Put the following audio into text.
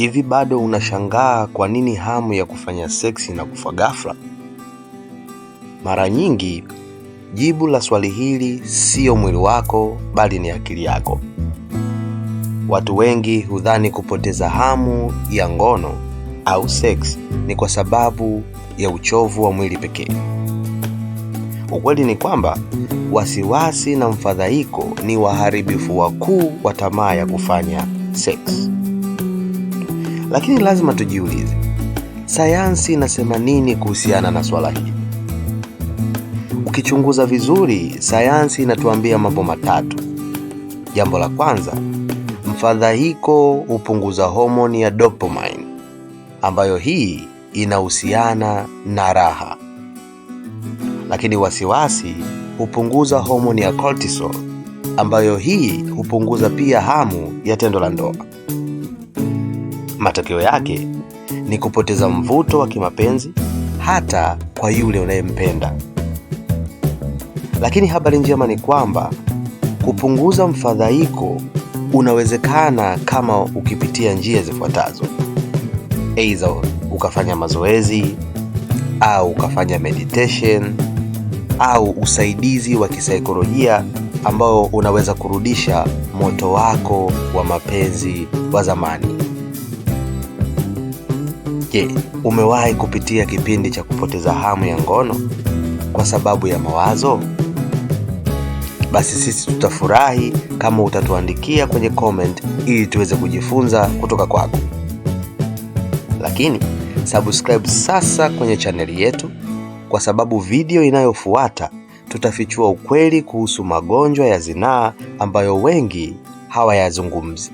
Hivi bado unashangaa kwa nini hamu ya kufanya seksi kufa ghafla? Mara nyingi jibu la swali hili siyo mwili wako, bali ni akili yako. Watu wengi hudhani kupoteza hamu ya ngono au seksi ni kwa sababu ya uchovu wa mwili pekee. Ukweli ni kwamba wasiwasi na mfadhaiko ni waharibifu wakuu wa tamaa ya kufanya seksi. Lakini lazima tujiulize, sayansi inasema nini kuhusiana na swala hili? Ukichunguza vizuri, sayansi inatuambia mambo matatu. Jambo la kwanza, mfadhaiko hupunguza homoni ya dopamine ambayo hii inahusiana na raha, lakini wasiwasi hupunguza homoni ya cortisol ambayo hii hupunguza pia hamu ya tendo la ndoa. Matokeo yake ni kupoteza mvuto wa kimapenzi hata kwa yule unayempenda. Lakini habari njema ni kwamba kupunguza mfadhaiko unawezekana kama ukipitia njia zifuatazo: aidha ukafanya mazoezi au ukafanya meditation au usaidizi wa kisaikolojia ambao unaweza kurudisha moto wako wa mapenzi wa zamani. Je, umewahi kupitia kipindi cha kupoteza hamu ya ngono kwa sababu ya mawazo? Basi sisi tutafurahi kama utatuandikia kwenye comment ili tuweze kujifunza kutoka kwako. Lakini subscribe sasa kwenye chaneli yetu, kwa sababu video inayofuata tutafichua ukweli kuhusu magonjwa ya zinaa ambayo wengi hawayazungumzi.